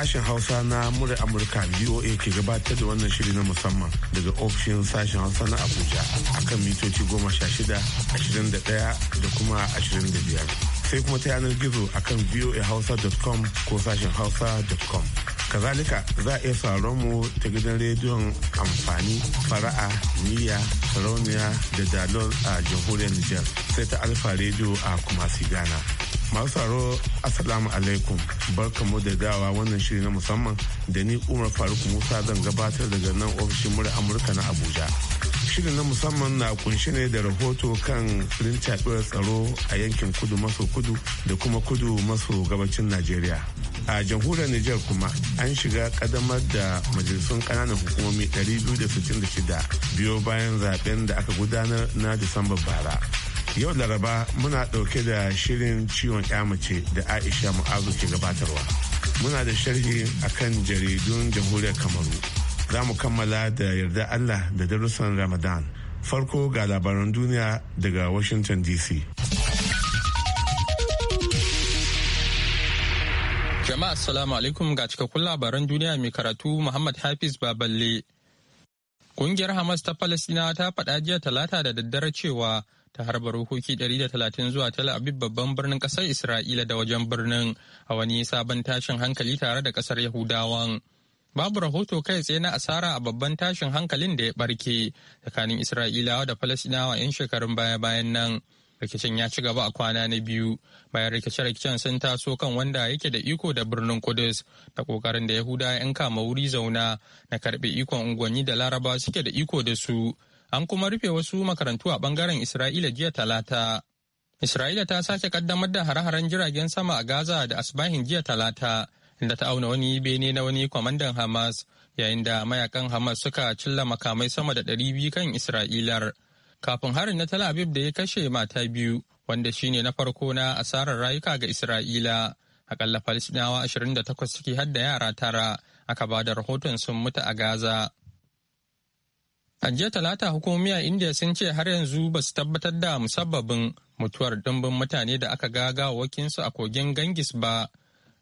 sashen hausa na mura amurka voa ke gabatar da wannan shiri na musamman daga ofishin sashen hausa na abuja akan mitoci goma sha shida ashirin da daya da kuma ashirin da biyar sai kuma ta yanar gizo akan voahausa.com ko sashen hausa.com kazalika za a iya sauraron mu ta gidan rediyon amfani fara'a niyya sarauniya da dalol a jamhuriyar niger sai ta alfa rediyo a kumasi ghana masu tsaro assalamu alaikum barkamu da dawa wannan shiri na musamman da ni umar faruk musa zan gabatar daga nan ofishin mura amurka na abuja shirin na musamman na kunshi ne da rahoto kan rintaɓewar tsaro a yankin kudu maso kudu da kuma kudu maso gabacin najeriya a jamhuriyar niger kuma an shiga kadamar da majalisun kananan hukumomi 266 biyo bayan zaben da aka gudanar na disamba bara yau laraba muna ɗauke da shirin ciwon mace da aisha mu'azu ke gabatarwa muna da sharhi akan jaridun jamhuriyar kamaru za mu kammala da yarda Allah da darussan Ramadan. Farko ga labaran duniya daga Washington DC. Jama'a Assalamu alaikum ga cikakkun labaran duniya mai karatu Muhammad Hafiz Baballe. Kungiyar Hamas ta Falasina ta faɗa jiya talata da daddare cewa ta harba rokoki 130 zuwa Tel Aviv babban birnin ƙasar Isra'ila da wajen birnin a wani sabon tashin hankali tare da ƙasar Yahudawan. Babu rahoto kai tsaye na asara a babban tashin hankalin da ya barke tsakanin Isra'ilawa da Falasɗinawa 'yan shekarun baya-bayan nan. Rikicin ya ci gaba a kwana na biyu bayan rikice-rikicen sun taso kan wanda yake da iko da birnin Kudus da kokarin da Yahuda 'yan kama wuri zauna na karɓe ikon unguwanni da Laraba suke da iko da su. An kuma rufe wasu makarantu a bangaren Isra'ila jiya talata. Isra'ila ta sake ƙaddamar da hare-haren jiragen sama a Gaza da asbahin jiya talata da ta auna wani bene na wani kwamandan Hamas yayin da mayakan Hamas suka cilla makamai sama da ɗari biyu kan Isra'ilar. Kafin harin na Tel Aviv da ya kashe mata biyu wanda shine na farko na asarar rayuka ga Isra'ila. Akalla Falisdinawa 28 ciki har da yara tara aka ba da rahoton sun mutu a Gaza. A jiya talata hukumomi a India sun ce har yanzu ba su tabbatar da musabbabin mutuwar dimbin mutane da aka gagawa wakinsu a kogin Gangis ba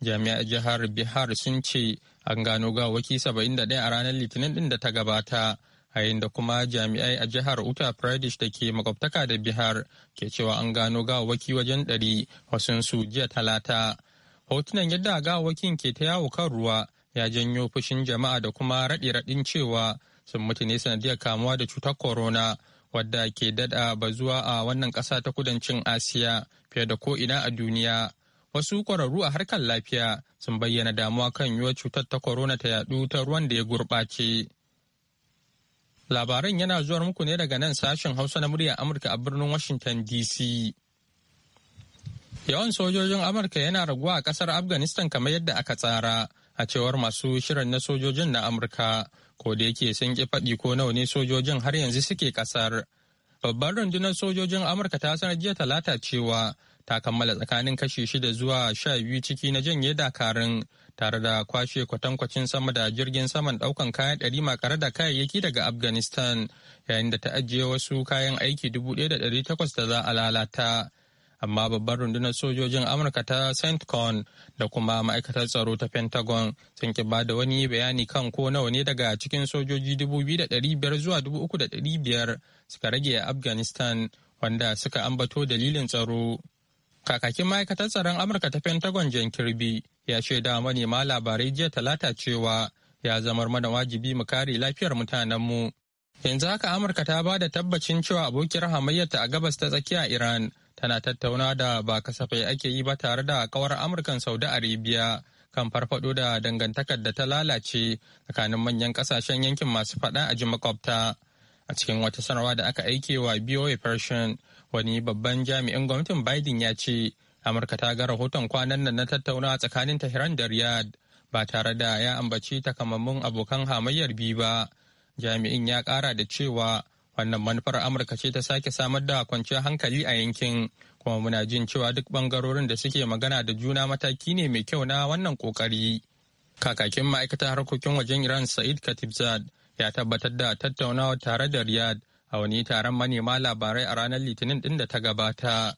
jami'a jihar bihar sun ce an gano gawaki 71 a ranar litinin din da ta gabata a da kuma jami'ai a jihar uttar pradesh da ke makwabtaka da bihar ke cewa an gano gawaki wajen ɗari wasun su jiya talata hotunan yadda gawakin ke ta yawo kan ruwa ya janyo fushin jama'a da kuma raɗi raɗin cewa sun mutu ne sanadiyar kamuwa da cutar corona wadda ke daɗa bazuwa a wannan ƙasa ta kudancin asiya fiye da ko ina a duniya wasu kwararru a harkar lafiya sun bayyana damuwa kan yiwuwar cutar ta korona ta yadu ta ruwan da ya gurɓace. Labaran yana zuwar muku ne daga nan sashen Hausa na muryar Amurka a birnin Washington DC. Yawan sojojin Amurka yana raguwa a ƙasar Afghanistan kamar yadda aka tsara, a cewar masu shirin na sojojin na Amurka, ko da yake sun ƙi faɗi ko nawa ne sojojin har yanzu suke ƙasar. Babbar rundunar sojojin Amurka ta sanar jiya talata cewa ta kammala tsakanin kashi shida zuwa sha biyu ciki na janye dakarun tare da kwashe kwatankwacin sama da jirgin saman daukan kayan ɗari makare da kayayyaki daga afghanistan yayin da ta ajiye wasu kayan aiki dubu ɗaya da ɗari takwas da za a lalata amma babbar rundunar sojojin amurka ta centcon da kuma ma'aikatar tsaro ta pentagon sun ki da wani bayani kan ko nawa ne daga cikin sojoji dubu biyu da ɗari biyar zuwa dubu uku da ɗari biyar suka rage a afghanistan wanda suka ambato dalilin tsaro Kakakin ma'aikatar tsaron Amurka ta Pentagon Jan Kirbi ya shaida manema labarai jiya talata cewa ya zamar mana wajibi mu kare lafiyar mutanenmu. Yanzu haka Amurka ta ba da tabbacin cewa abokiyar hamayyarta a gabas ta tsakiya Iran tana tattauna da ba kasafai ake yi ba tare da kawar Amurkan Saudi Arabia kan farfado da dangantakar da ta lalace tsakanin manyan kasashen yankin masu faɗa a ji makwabta. A cikin wata sanarwa da aka aike wa BOA wani babban jami'in gwamnatin biden ya ce amurka ta ga rahoton kwanan nan na tattaunawa tsakanin tehran da riyadh ba tare da ya ambaci takamammun abokan hamayyar biyu ba jami'in ya kara da cewa wannan manufar amurka ce ta sake samar da kwanciyar hankali a yankin kuma muna jin cewa duk bangarorin da suke magana da juna mataki ne mai kyau na wannan kokari kakakin ma'aikatar harkokin wajen iran sa'id katibzad ya tabbatar da tattaunawa tare da riyadh a wani taron manema labarai a ranar litinin din da ta gabata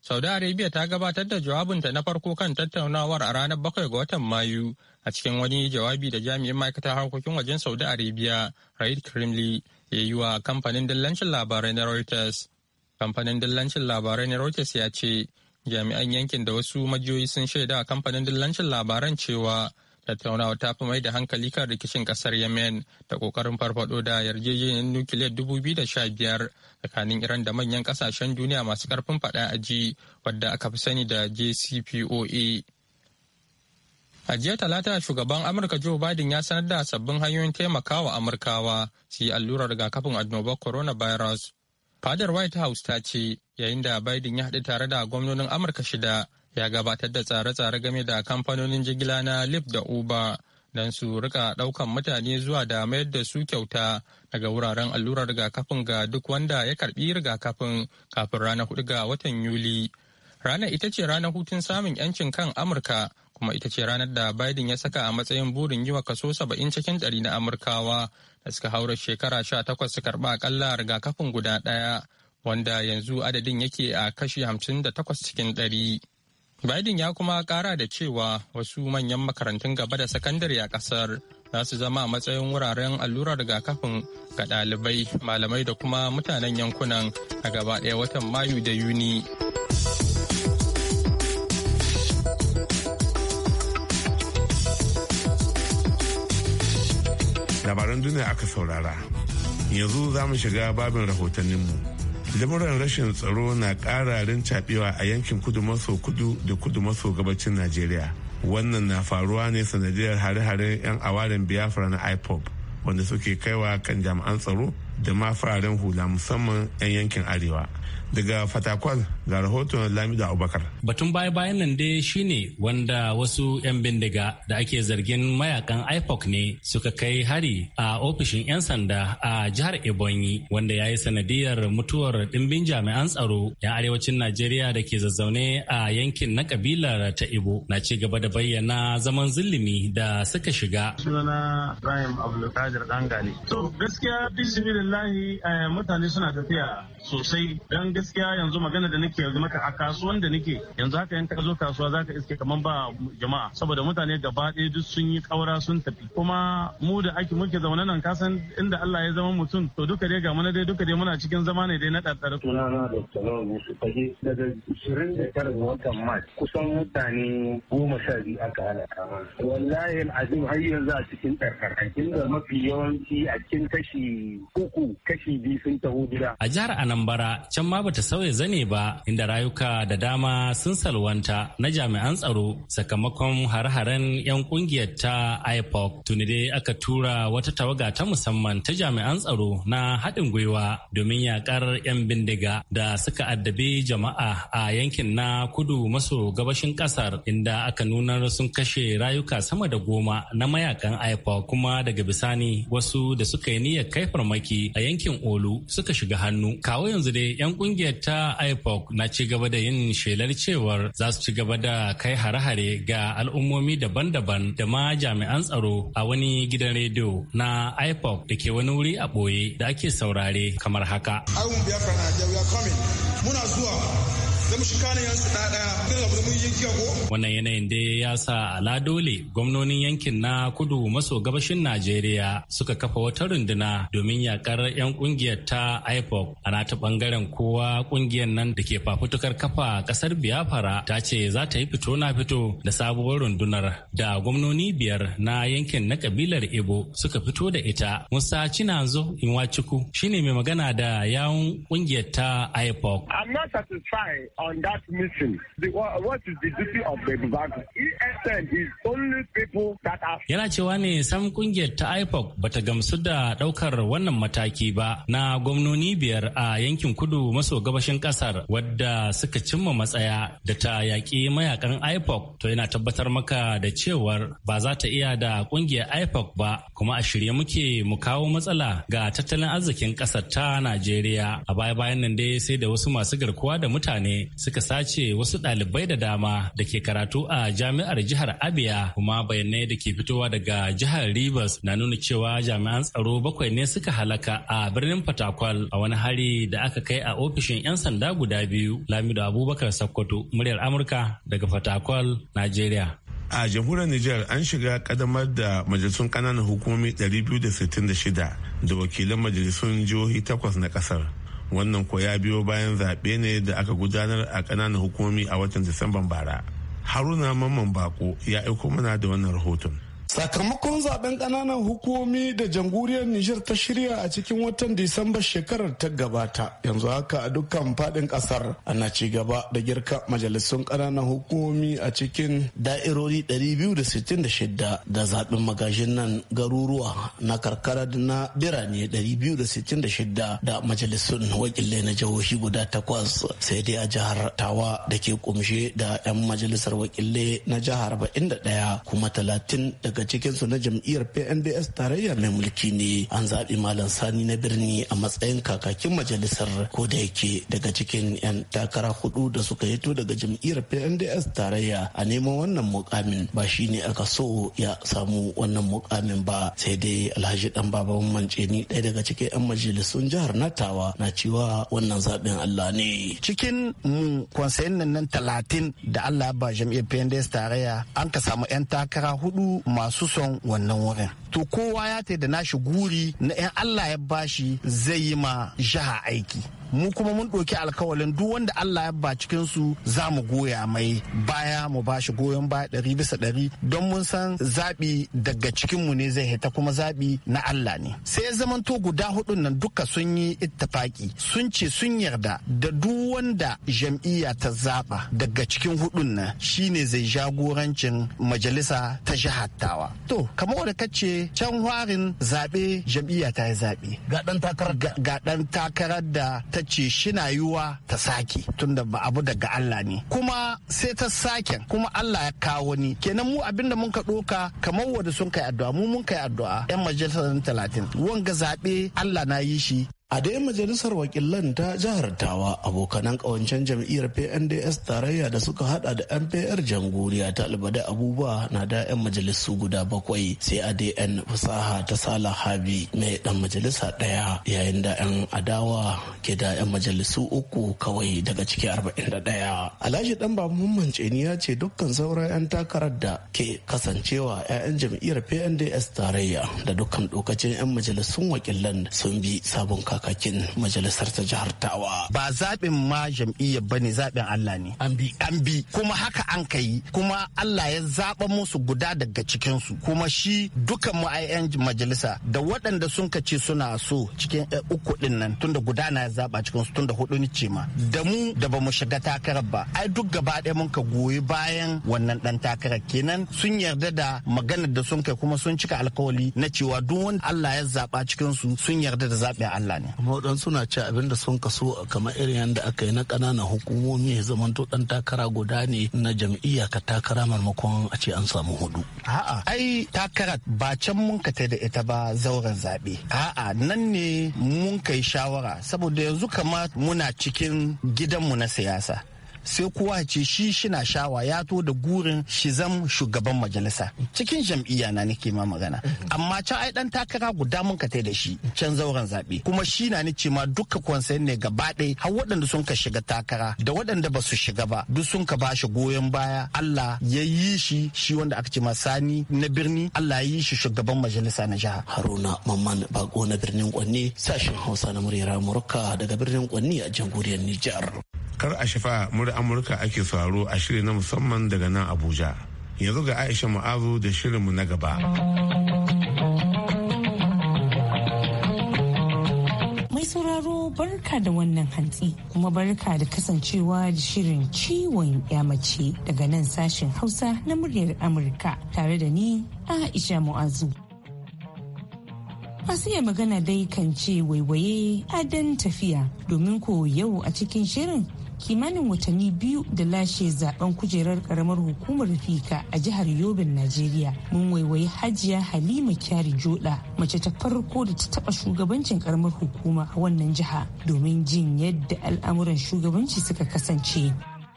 saudi arabia ta gabatar da jawabinta na farko kan tattaunawar a ranar bakwai ga watan mayu a cikin wani jawabi da jami'in ma'aikatar harkokin wajen saudi arabia raid kremli ya yi wa kamfanin dillancin labarai na reuters kamfanin dillancin labarai na reuters ya ce jami'an yankin da wasu majiyoyi sun shaida a kamfanin dillancin labaran cewa tattaunawa ta fi mai da hankali kan rikicin kasar yemen da kokarin farfado da yarjejeniyar nukiliyar 2015 tsakanin iran da manyan kasashen duniya masu karfin fada aji wadda aka fi sani da jcpoa a jiya talata shugaban amurka joe biden ya sanar da sabbin hanyoyin taimakawa amurkawa su yi allurar rigakafin annobar coronavirus fadar white house ta ce yayin da biden ya haɗu tare da gwamnonin amurka shida ya gabatar da tsare-tsare game da kamfanonin jigila na Lip da uba don su rika ɗaukan mutane zuwa da mayar da su kyauta daga wuraren allurar rigakafin ga duk wanda ya karbi rigakafin kafin ranar hudu ga watan Yuli. Ranar ita ce ranar hutun samun 'yancin kan Amurka kuma ita ce ranar da Biden ya saka a matsayin burin yi wa kaso saba'in cikin ɗari na Amurkawa da suka haura shekara sha takwas su karɓa akalla rigakafin guda ɗaya wanda yanzu adadin yake a kashi hamsin da takwas cikin ɗari. Biden ya kuma kara da cewa wasu manyan makarantun gaba da sakandare a kasar za su zama a matsayin wuraren allurar rigakafin ga ɗalibai, malamai da kuma mutanen yankunan a gaba ɗaya watan Mayu da Yuni. Labaran duniya aka saurara. Yanzu za mu shiga babin rahotanninmu. lamuran rashin tsaro na ƙara rincaɓewa a yankin kudu maso kudu da kudu maso gabacin najeriya wannan na faruwa ne sanadiyar hare-haren 'yan awarin biafra na ipop wanda suke kaiwa kan jami'an tsaro da ma fararen hula musamman 'yan yankin arewa daga fatakwal ga rahoton lamida abubakar batun baya-bayan nan dai shine wanda wasu 'yan bindiga da ake zargin mayakan ipoc ne suka kai hari a ofishin 'yan sanda a jihar ebonyi wanda ya yi sanadiyar mutuwar dimbin jami'an tsaro 'yan arewacin najeriya da ke zazzaune a yankin na kabilar ta ibo na ci gaba da bayyana zaman zulumi da suka shiga sunana ibrahim abdulkadir dangali to gaskiya alhamdulillahi eh, mutane suna tafiya sosai don gaskiya yanzu magana da nake yanzu maka a kasuwan da nake yanzu haka yanka zo kasuwa zaka iske kaman ba jama'a saboda mutane gaba ɗaya duk sun yi kaura sun tafi kuma mu da ake muke zaune nan kasan inda Allah ya zama mutum to duka dai ga mana dai duka dai muna cikin zama ne dai na ɗaɗɗar. na da Salon Musu Fage daga shirin da tara ga watan Mars kusan mutane goma sha biyu aka halaka mana. Wallahi azim har yanzu a cikin ɗarɗar inda mafi yawanci a cikin kashi uku uku kashi biyu sun taho gida. A jihar Anambra can ma bata sauya zane ba inda rayuka da dama sun salwanta na jami'an tsaro sakamakon har-haren 'yan kungiyar ta IPOC. Tuni dai aka tura wata tawaga ta musamman ta jami'an tsaro na haɗin gwiwa domin yaƙar 'yan bindiga da suka addabe jama'a a yankin na kudu maso gabashin ƙasar inda aka nuna sun kashe rayuka sama da goma na mayakan IPOC kuma daga bisani wasu da suka yi niyyar kai farmaki a yankin Olu suka shiga hannu. Kawo yanzu dai 'yan kungiyar ta IPOC na ci gaba da yin shelar cewar za su ci gaba da kai hare-hare ga al'ummomi daban-daban da ma jami'an tsaro a wani gidan rediyo na IPOC da ke wani wuri a ɓoye da ake saurare kamar haka. Muna zuwa zama shi yansu da mun yi ko. wannan yanayin dai ya sa ala dole gwamnonin yankin na kudu maso gabashin najeriya suka kafa wata runduna domin yakar yan kungiyar ta ipoc ana ta bangaren kowa kungiyar nan da ke fafutukar kafa kasar Biafara ta ce za ta yi fito na fito da sabuwar rundunar da gwamnoni biyar na yankin na kabilar ibo suka fito da ita musa cinazo inwachuku shine mai magana da yawun kungiyar ta ipoc i'm not satisfied on that mission. The, what is the duty of the ESN is only people that are... Yana cewa ne sam kungiyar ta IPOC bata gamsu da daukar wannan mataki ba na gwamnoni biyar a yankin kudu maso gabashin kasar wadda suka cimma matsaya da ta yaƙi mayakan IPOC to yana tabbatar maka da cewar ba za ta iya da kungiyar IPOC ba kuma a shirye muke mu kawo matsala ga tattalin arzikin kasar ta Najeriya a baya-bayan nan dai sai da wasu masu garkuwa da mutane suka sace wasu ɗalibai da dama da ke karatu a jami'ar jihar Abia kuma bayanai da ke fitowa daga jihar Rivers na nuna cewa jami'an tsaro bakwai ne suka halaka a birnin Fatakwal a wani hari da aka kai a ofishin 'yan sanda guda biyu Lamido Abubakar Sakkwato muryar Amurka daga Fatakwal, Najeriya. a jamhuriyar Nijar an shiga kadamar da majalisun kananan hukumomi 266 da wakilan majalisun jihohi takwas na kasar. wannan ko ya biyo bayan zaɓe ne da aka gudanar a ƙananan hukumomi a watan disamban bara haruna mamman bako ya aiko mana da wannan rahoton sakamakon zaben ƙananan hukumomi da jamhuriyar nijar ta shirya a cikin watan disamba shekarar ta gabata yanzu haka a dukkan faɗin ƙasar ana ci gaba da girka majalisun ƙananan hukumomi a cikin da'irori 266 da zaɓen magajin nan garuruwa na karkara na birane 266 da majalisun wakilai na jihohi guda takwas sai dai a jihar tawa da ke kumshe da 'yan majalisar wakilai na jihar 41 kuma 30 daga daga cikinsu na jam'iyyar PNDS tarayya mai mulki ne an zaɓi Malam Sani na birni a matsayin kakakin majalisar ko da yake daga cikin 'yan takara hudu da suka hito daga jam'iyyar PNDS tarayya a neman wannan mukamin ba shi ne aka so ya samu wannan mukamin ba sai dai Alhaji dan baban ni ɗaya daga cikin 'yan majalisun jihar Natawa na cewa wannan zaɓin Allah ne. Cikin mu mm, kwansayin nan talatin da Allah ba jam'iyyar PNDS tarayya an ka samu 'yan takara hudu masu son wannan wurin to kowa ya ta da nashi guri na 'yan allah ya bashi zai yi ma jiha aiki mu kuma mun ɗauki alkawalin duk wanda Allah ya ba cikin su za mu goya mai baya mu ba shi goyon baya ɗari bisa ɗari don mun san zaɓi daga cikinmu ne zai hita kuma zaɓi na Allah ne sai ya zamanto guda hudun nan duka sun yi ittifaki sun ce sun yarda da duk wanda jam'iyya ta zaɓa daga cikin hudun nan shine zai jagorancin majalisa ta jihattawa to kamar wanda kace can warin zaɓe jam'iyya ta yi zaɓe ga ɗan takarar da ta ta ce shina yiwa ta sake tunda ba abu daga Allah ne kuma sai ta sake kuma Allah ya kawo ni kenan mu abin da mun ka doka kamar wanda sun kai addu'a mu mun kai addu'a yan majalisar talatin wanga zaɓe Allah na yi shi a dai majalisar wakilan ta jihar tawa abokanan kawancen jam'iyyar pnds tarayya da suka hada da mpr jamhuriya ta albada abubuwa na da 'yan majalisu guda bakwai sai a 'yan fasaha ta sala habi mai dan majalisa daya yayin da 'yan adawa ke da 'yan majalisu uku kawai daga ciki 41 alhaji dan babu mamman ya ce dukkan sauran 'yan takarar da ke kasancewa 'ya'yan jam'iyyar pnds tarayya da dukkan dokacin 'yan majalisun wakilan sun bi sabon kaka kakakin majalisar ta jihar Tawa. Ba zaɓin ma jam'iyyar bane zaɓin Allah ne. An bi. An bi kuma haka an ka yi. kuma Allah ya zaɓa musu guda daga cikinsu kuma shi dukan mu majalisa da waɗanda sun ce suna so cikin eh, uku ɗin nan tunda guda na ya zaɓa cikinsu tunda hudu ni ce ma. Da mu da ba mu shiga takarar ba ai duk gaba ɗaya mun ka goyi bayan wannan ɗan takarar kenan sun yarda da maganar da sun kai kuma sun cika alkawali na cewa duk wanda Allah ya zaɓa cikinsu sun yarda da zaɓin Allah ne. kuma na suna ci abin da sun kaso kamar irin yadda aka yi na ƙananan hukumomi ya zamanto dan takara guda ne na jam'iyya ka takara maimakon a ce an samu hudu a'a ai takara ba can mun ka da ita ba zauren zaɓe a'a nan ne mun kai shawara saboda yanzu kama muna cikin gidanmu na siyasa sai kowa ce shi shina shawa ya to da gurin shi zam shugaban majalisa cikin jam'iyya na nake ma magana amma can ai dan takara guda mun ka da shi can zauren zabe kuma shi na ni ce ma duka konsayin ne gaba ɗaya har waɗanda sun ka shiga takara da waɗanda ba su shiga ba duk sun ka bashi goyon baya Allah ya yi shi shi wanda aka ce ma sani na birni Allah ya yi shi shugaban majalisa na jiha Haruna Mamman Bako na birnin Kwanni sashen Hausa na murya Amurka daga birnin Kwanni a jamhuriyar Nijar kar a shifa mura da amurka ake faro a shiri na musamman daga nan abuja yanzu ga aisha mu'azu da shirinmu na gaba mai sauraro barka da wannan hantsi kuma barka da kasancewa da shirin ciwon yamace daga nan sashen hausa na muryar amurka tare da ni aisha mu'azu masu iya magana dai kan ce waiwaye adon tafiya domin ko yau a cikin shirin kimanin watanni biyu da lashe zaben kujerar karamar hukumar fika a jihar yobin najeriya mun waiwayi hajiya halima kyari joda mace ta farko da ta taba shugabancin karamar hukuma a wannan jiha domin jin yadda al'amuran shugabanci suka kasance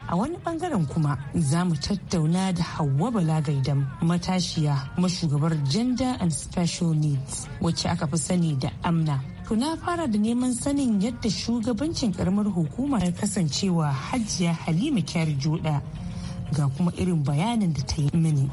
a wani bangaren kuma za mu tattauna da hawa bala Gaidan, matashiya mashugabar gender and special needs wacce aka fi sani da amna To na fara da neman sanin yadda shugabancin karamar hukuma ya kasancewa Hajiya Halima Kyari Joda ga kuma irin bayanin da ta yi mini.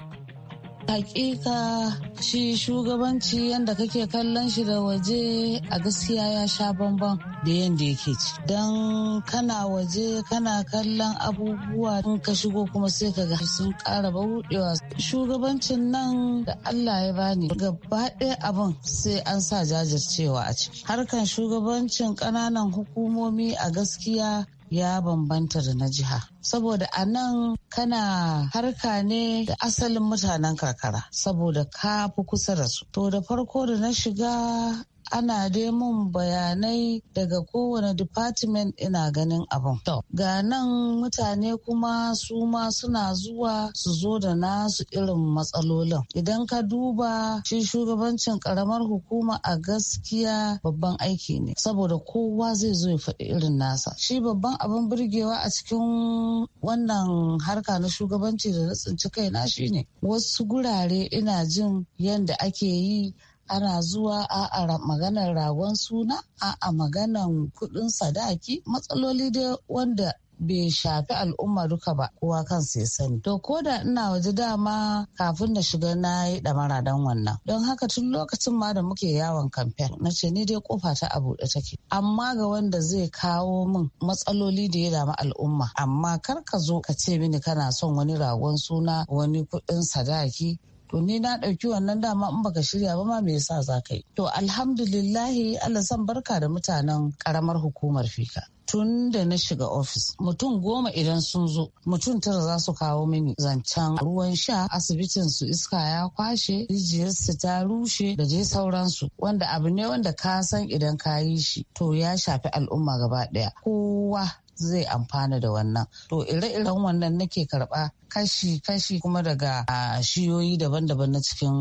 hakika shi shugabanci yadda kake kallon shi da waje a gaskiya ya sha bamban da yadda yake ci don kana waje kana kallon abubuwa in ka shigo kuma sai ka ga sun kara bauɗewa shugabancin nan da allah ya bani gaba ɗaya abin sai an sa jajircewa a ci harkan shugabancin ƙananan hukumomi a gaskiya ya bambanta da na jiha saboda a nan kana harka ne da asalin mutanen karkara saboda ka fi kusa da su to da farko da na shiga ana dai mun bayanai daga kowane department ina ganin abin. Ga nan mutane kuma su ma suna zuwa su zo da nasu irin matsalolin. Idan ka duba shi shugabancin karamar hukuma a gaskiya babban aiki ne saboda kowa zai zo ya faɗi irin nasa. Shi babban abin burgewa a cikin wannan harka na shugabanci da na tsinci kaina shine wasu gurare ina jin yadda ake yi ana zuwa a'a maganar ragon suna a'a maganar kuɗin sadaki matsaloli dai wanda bai shafi al'umma duka ba kowa kansa ya sani to ko da ina waje dama kafin na shiga na yi damara don wannan don haka tun lokacin ma da muke yawon kamfen na ce ni dai kofa ta a buɗe take amma ga wanda zai kawo min matsaloli da ya damu al'umma amma kar ka zo ka ce mini kana son wani ragon suna wani kuɗin sadaki to ni na ɗauki wannan dama in baka shirya ba ma me yasa za ka yi to alhamdulillahi allah san barka da mutanen karamar hukumar fika tun da na shiga ofis mutum goma idan sun zo mutum tara za su kawo mini zancen ruwan sha asibitin su iska ya kwashe rijiyarsu ta rushe da je sauransu wanda abu ne wanda ka san idan ka yi shi to ya shafi al'umma gaba daya kowa zai amfana da wannan to ire-iren wannan nake karba kashi-kashi kuma daga shiyoyi daban-daban na cikin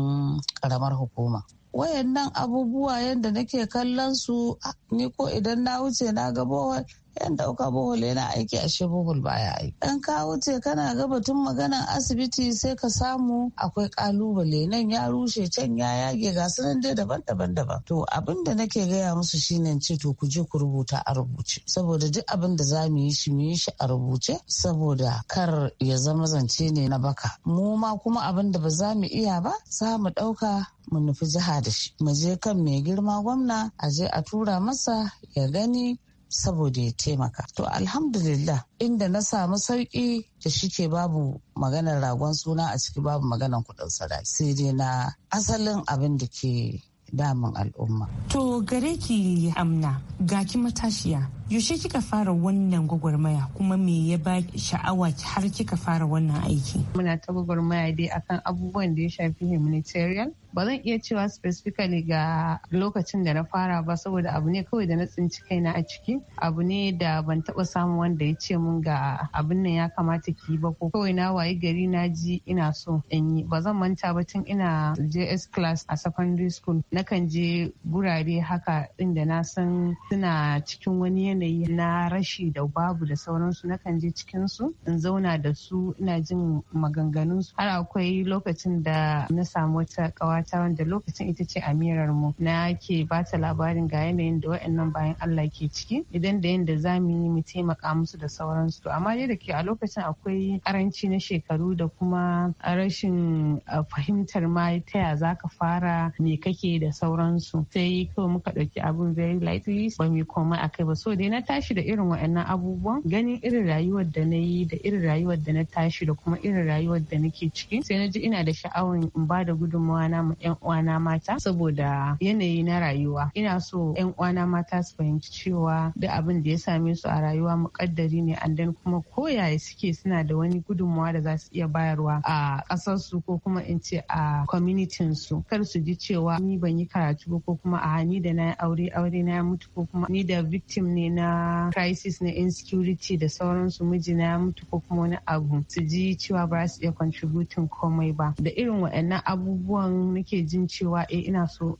karamar hukuma wayannan abubuwa yadda nake kallon su ni ko idan na wuce na ga bohol yan dauka bohol yana aiki ashe bohol baya aiki dan ka wuce kana ga batun maganan asibiti sai ka samu akwai kalubale nan ya rushe can ya yage ga su dai daban-daban daban to abin da nake gaya musu shine ce to ku je ku rubuta a rubuce saboda duk abin da za mu yi shi mu yi shi a rubuce saboda kar ya zama zance ne na baka mu ma kuma abin da ba za mu iya ba za mu dauka mu nufi jiha da shi mu je kan mai girma gwamna a je a tura masa ya gani saboda ya taimaka to alhamdulillah inda na samu sauki da shike babu maganar ragon suna a ciki babu maganar kuɗin sadaki sai dai na asalin abin da ke damun al'umma. To gare ki amna ga ki matashiya yaushe kika fara wannan gwagwarmaya kuma me ya ba sha'awa har kika fara wannan aiki? Muna ta gwagwarmaya dai akan abubuwan da ya shafi humanitarian ba zan iya cewa specifically ga lokacin da na fara ba saboda abu ne kawai da na tsinci kaina a ciki abu ne da ban taba samu wanda ya ce mun ga abin nan ya kamata ki ba ko kawai na wayi gari na ji ina so in yi ba zan manta ba tun ina JS class a secondary school nakan je gurare haka inda na san suna cikin wani yanayi na rashi da babu da sauransu nakan je cikin su in zauna da su ina jin maganganun su har akwai lokacin da na samu wata kawata mata wanda lokacin ita ce amirar mu na ke ba ta labarin ga yanayin da wa'annan bayan Allah ke ciki idan da yanda za mu yi mu taimaka musu da sauransu to amma dai da ke a lokacin akwai karanci na shekaru da kuma rashin fahimtar ma ta ya za ka fara me kake da sauransu sai kawai muka ɗauki abun very lightly ba mu komai akai ba so dai na tashi da irin wa'annan abubuwan ganin irin rayuwar da na yi da irin rayuwar da na tashi da kuma irin rayuwar da nake ciki sai na ji ina da sha'awar in ba da gudunmawa na yan uwana mata saboda yanayi na rayuwa ina so yan uwana mata su fahimci cewa da abin da ya same su a rayuwa mukaddari ne and kuma koyaya suke suna da wani gudunmawa da za su iya bayarwa a kasar su ko kuma in ce a kwaminitin su kar su ji cewa ni ban yi karatu ko kuma a ni da na aure aure na mutu ko kuma ni da victim ne na crisis na insecurity da sauransu mijina ya mutu ko kuma wani abu su ji cewa ba su iya contributing komai ba da irin waɗannan abubuwan nake jin cewa eh ina so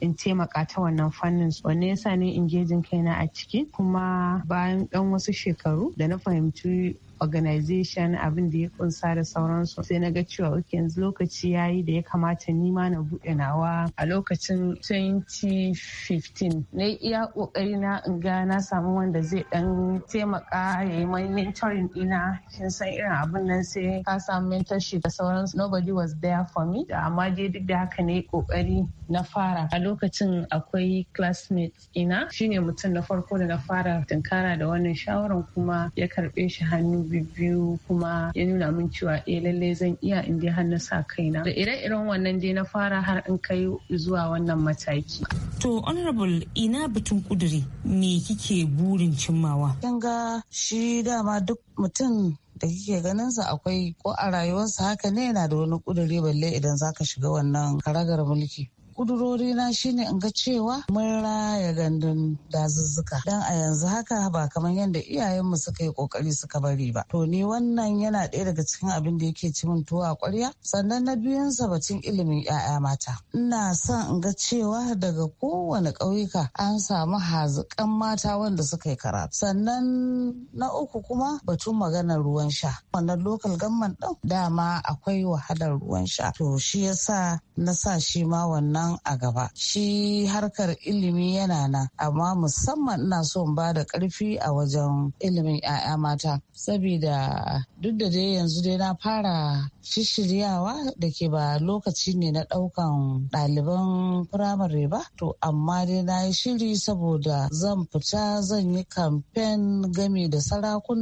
in taimaka ta wannan fannin wanne yasa ne in gejin kaina a ciki kuma bayan dan wasu shekaru da na fahimci organization abin da ya kunsa da sauransu sai na ga cewa ok yanzu lokaci ya yi da ya kamata ni ma na buɗe nawa a lokacin 2015 na iya kokari na in ga na samu wanda zai ɗan taimaka ya yi mai mentoring ɗina kin san irin abin nan sai ka samu mentorship da sauransu nobody was there for me amma dai duk da haka ne kokari na fara a lokacin akwai classmate ina shine mutum na farko da na fara tunkara da wannan shawaran kuma ya karbe shi hannu biyu kuma ya nuna min cewa eh lalle zan iya in dai har na sa kaina da ire-iren wannan dai na fara har in kai zuwa wannan mataki to honorable ina bitun kuduri me kike burin cimmawa kin ga shi dama duk mutum da kike ganin sa akwai ko a rayuwarsa haka ne yana da wani kuduri balle idan zaka shiga wannan karagar mulki kudurori na shine in ga cewa mun raya gandun dazuzzuka dan a yanzu haka ba kamar yadda iyayenmu suka yi kokari suka bari ba to ni wannan yana ɗaya daga cikin abin da yake ci min tuwa ƙwarya sannan na biyun sabacin ilimin 'ya'ya mata ina son in ga cewa daga kowane ƙauyuka an samu haziƙan mata wanda suka yi karatu sannan na uku kuma batun maganar ruwan sha wannan lokal gamman ɗin dama akwai wahalar ruwan sha to shi yasa na sa shi ma wannan nan a gaba shi harkar ilimi yana nan amma musamman ina so in ba da karfi a wajen ilimin 'ya'ya mata saboda duk da dai yanzu dai na fara shishiryawa da ke ba lokaci ne na ɗaukan ɗaliban firamare ba to amma dai na yi shiri saboda zan fita zan yi kamfen game da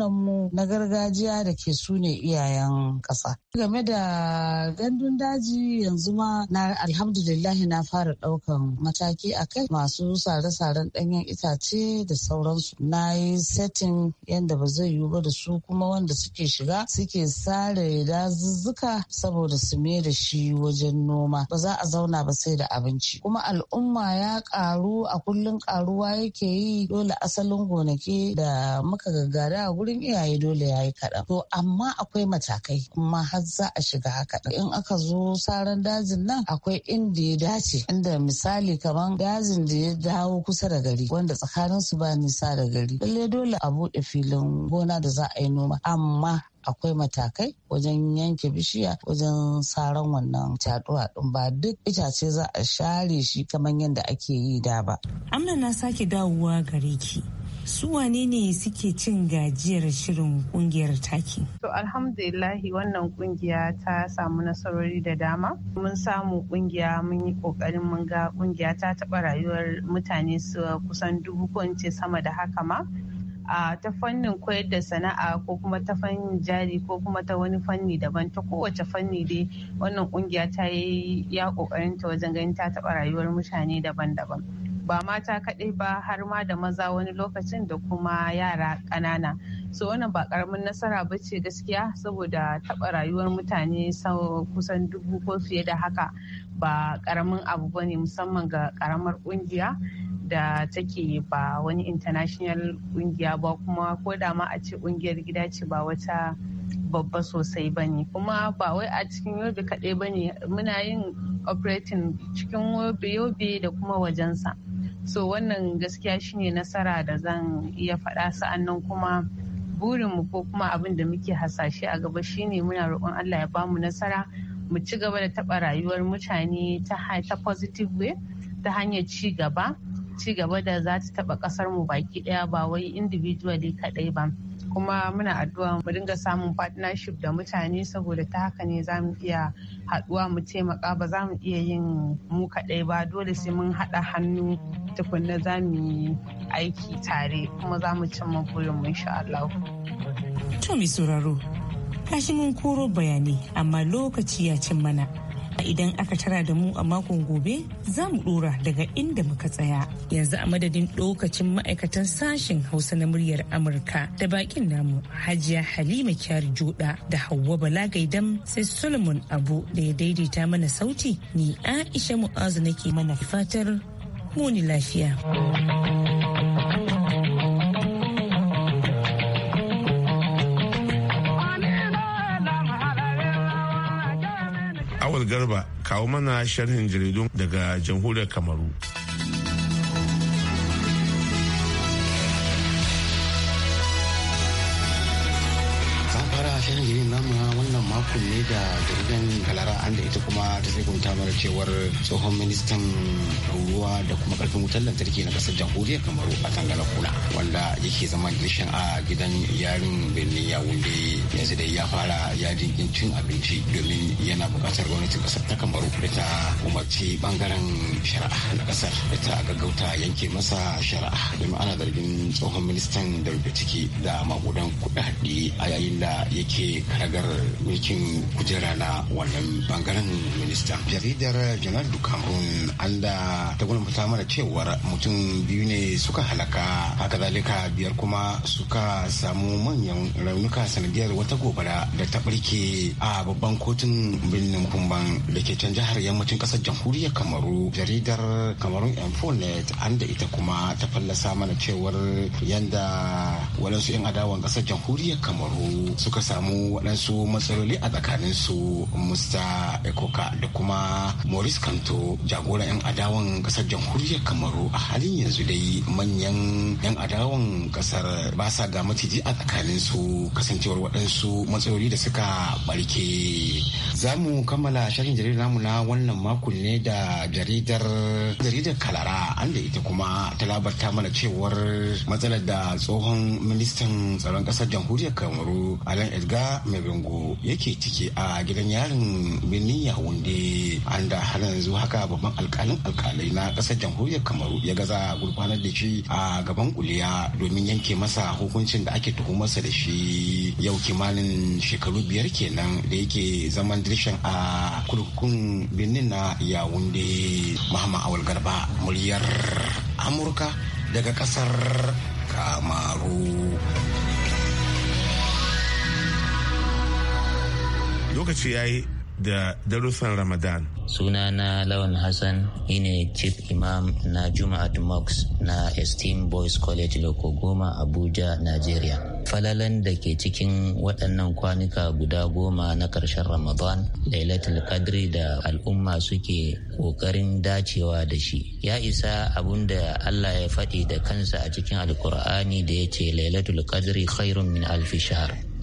mu na gargajiya da ke sune iyayen ƙasa game da gandun daji yanzu ma na alhamdulillahi na fara ɗaukan mataki a kai masu sare-saren ɗanyen itace da sauransu na yi setin yadda ba zai yiwu ba da su kuma wanda suke shiga suke sare zuzu dazuzzuka saboda su me da shi wajen noma ba za a zauna ba sai da abinci kuma al'umma ya karu a kullun karuwa yake yi dole asalin gonaki da muka gaggada a gurin iyaye dole ya yi kaɗan to amma akwai matakai kuma har za a shiga haka in aka zo saran dajin nan akwai inda ya dace inda misali kamar dajin da ya dawo kusa da gari wanda tsakanin su ba nisa da gari lalle dole a buɗe filin gona da za a yi noma amma akwai matakai wajen yanke bishiya wajen saran wannan taduwa din ba duk itace za a share shi kamar yadda ake yi da ba. Amna na sake dawowa gare ki. su wane ne suke cin gajiyar shirin kungiyar taki? To alhamdulillahi wannan kungiya ta samu nasarori da dama. Mun samu kungiya mun yi kokarin mun ga kungiya ta taba rayuwar mutane su kusan dubu ko sama da haka ma. a ta fannin koyar da sana'a ko kuma ta fannin jari ko kuma ta wani fanni daban ta kowace fanni dai wannan kungiya ta yi ya kokarin ta wajen ganin ta taba rayuwar mutane daban-daban ba mata kaɗai ba har ma da maza wani lokacin da kuma yara ƙanana so wannan ba karamin nasara ba ce gaskiya saboda taɓa rayuwar mutane sau kusan dubu ko fiye da haka ba karamin abu ba ne musamman ga karamar ƙungiya? da take ba wani international kungiya ba kuma ko da ma a ce kungiyar gida ce ba wata babba sosai ba ne kuma ba wai a cikin yobe kaɗai ba ne muna yin operating cikin yobe da kuma wajensa so wannan gaskiya shine nasara da zan iya faɗa sa'annan kuma burinmu ko kuma abin da muke hasashe a gaba shine muna roƙon allah ya bamu nasara mu ci gaba da taɓa rayuwar mutane ta positive way ta hanyar ci gaba ci gaba da za ta taɓa kasar mu baki ɗaya ba wai individually kaɗai ba kuma muna addu'a mu dinga samun partnership da mutane saboda ta haka ne za mu iya haɗuwa mu taimaka ba za mu iya yin mu kaɗai ba dole sai mun haɗa hannu tukunna za mu yi aiki tare kuma za mu cimma mu insha Allah. To mi suraro kashi mun koro bayani amma lokaci ya cin mana. Idan aka tara da mu a makon gobe za mu dora daga inda muka tsaya. Yanzu a madadin lokacin ma'aikatan sashen Hausa na muryar Amurka da bakin namu Hajiya Halima kyar Joda da Hauwa Bala Gaidan sai Solomon Abu da ya daidaita mana sauti ni Aisha Mu'azu nake mana fatar muni lafiya. Garba kawo mana sharhin jaridun daga jamhuriyar Kamaru. ne da jirgin kalara an da ita kuma ta kuma mara cewar tsohon ministan ruwa da kuma karfin wutar lantarki na kasar jamhuriyar kamaru a tangala kula wanda yake zama dirishin a gidan yarin birnin wunde yanzu dai ya fara yajin cin abinci domin yana buƙatar gwamnatin kasar ta kamaru da ta umarci bangaren shari'a na kasar da ta gaggauta yanke masa shari'a domin ana zargin tsohon ministan da ciki da magudan kuɗaɗe a yayin da yake karagar mulkin kan kujera na wannan bangaren minista jaridar janar du an da ta fata mana cewar mutum biyu ne suka halaka haka zalika biyar kuma suka samu manyan raunuka sanadiyar wata gobara da ta barke a babban kotun birnin kumban da ke can jihar yammacin kasar jamhuriyar kamaru jaridar kamaru infonet an da ita kuma ta fallasa mana cewar yanda waɗansu 'yan adawan kasar jamhuriyar kamaru suka samu waɗansu matsaloli a tsakanin su musta ekoka da kuma maurice kanto jagoran 'yan adawan kasar jamhuriyar kamaru a halin yanzu dai manyan 'yan adawan kasar ba sa ga maciji a tsakanin su kasancewar waɗansu matsaloli da suka barke za mu kammala shirin jaridar namu na wannan makon ne da jaridar jaridar kalara an da ita kuma ta labarta mana cewar matsalar da tsohon ministan tsaron kasar jamhuriyar kamaru alan edgar Mebengo yake ke ciki a gidan yarin birnin wunde an da har yanzu haka babban alkalin alkalai na kasar jamhuriyar kamaru ya gaza gurfanar da shi a gaban kuliya domin yanke masa hukuncin da ake tuhumarsa da shi yau kimanin shekaru biyar kenan da yake zaman dirishan a kurkun birnin na yawunde mahama awal garba muryar amurka daga kasar kamaru lokaci ya yi da darussan Ramadan. Suna na Lawan Hassan ne Chief Imam na Juma'at Mox na Esteem Boys College Loko Goma Abuja, Nigeria. Falalan da ke cikin waɗannan kwanuka guda goma na ƙarshen Ramadan, Lailatul kadri da al'umma suke ƙoƙarin dacewa da shi. Ya isa abun da Allah ya faɗi da kansa a cikin Alƙur'ani da ya ce Lailatul kadri khairun min alfi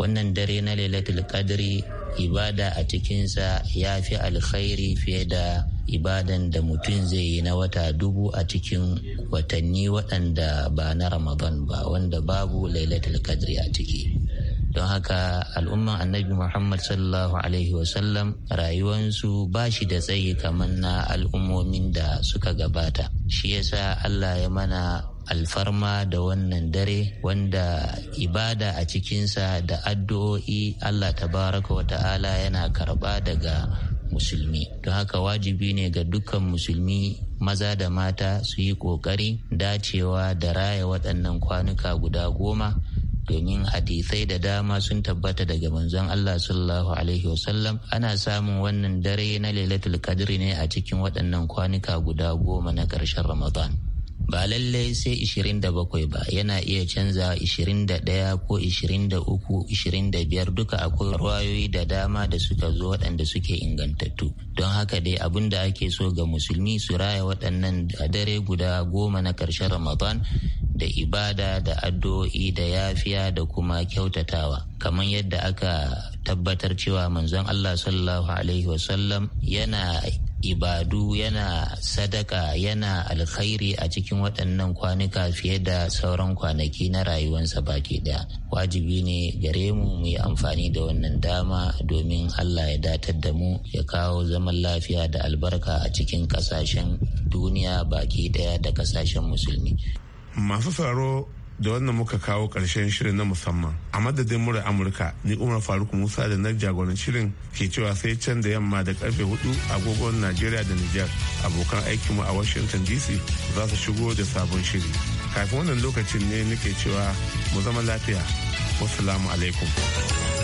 Wannan dare na Lailatul kadri ibada a cikinsa ya fi alkhairi fiye da ibadan da mutum zai yi na wata dubu a cikin watanni waɗanda ba na ramadan ba wanda babu lailatul qadri a ciki don haka al'umman annabi muhammad sallallahu alaihi wasallam rayuwansu ba shi da tsayi kamar na al'ummomin da suka gabata shi yasa allah ya mana alfarma da wannan dare wanda ibada a cikinsa da addu'o'i Allah tabaraka wa ta'ala yana karba daga musulmi don haka wajibi ne ga dukkan musulmi maza da mata su yi ƙoƙari dacewa da raya waɗannan kwanuka guda goma domin hadisai da dama sun tabbata daga manzon Allah sallallahu alaihi wasallam ana samun wannan dare na lailatul qadri ne a cikin waɗannan kwanuka guda goma na ƙarshen ramadan ba lallai sai 27 ba yana iya canza 21 ko 23 biyar duka akwai ruwayoyi da dama da suka zo waɗanda suke ingantattu don haka dai abin da ake so ga musulmi su raya waɗannan a dare guda goma na ƙarshen ramadan da ibada da addu'o'i da yafiya da kuma kyautatawa kamar yadda aka tabbatar cewa manzon Allah sallallahu alaihi wasallam yana ibadu yana sadaka yana alkhairi a cikin waɗannan kwanuka fiye da sauran kwanaki na rayuwansa baki ɗaya wajibi ne gare mu mu yi amfani da wannan dama domin allah ya datar da mu ya kawo zaman lafiya da albarka a cikin ƙasashen duniya baki ɗaya da ƙasashen musulmi masu tsaro da wannan muka kawo ƙarshen shirin na musamman a madadin murar amurka ni umar faruk musa da na jagoran shirin ke cewa sai can da yamma da karfe hudu agogon najeriya da niger abokan aikinmu a washington dc za su shigo da sabon shiri kafin wannan lokacin ne nake cewa mu zama lafiya wasu alaikum.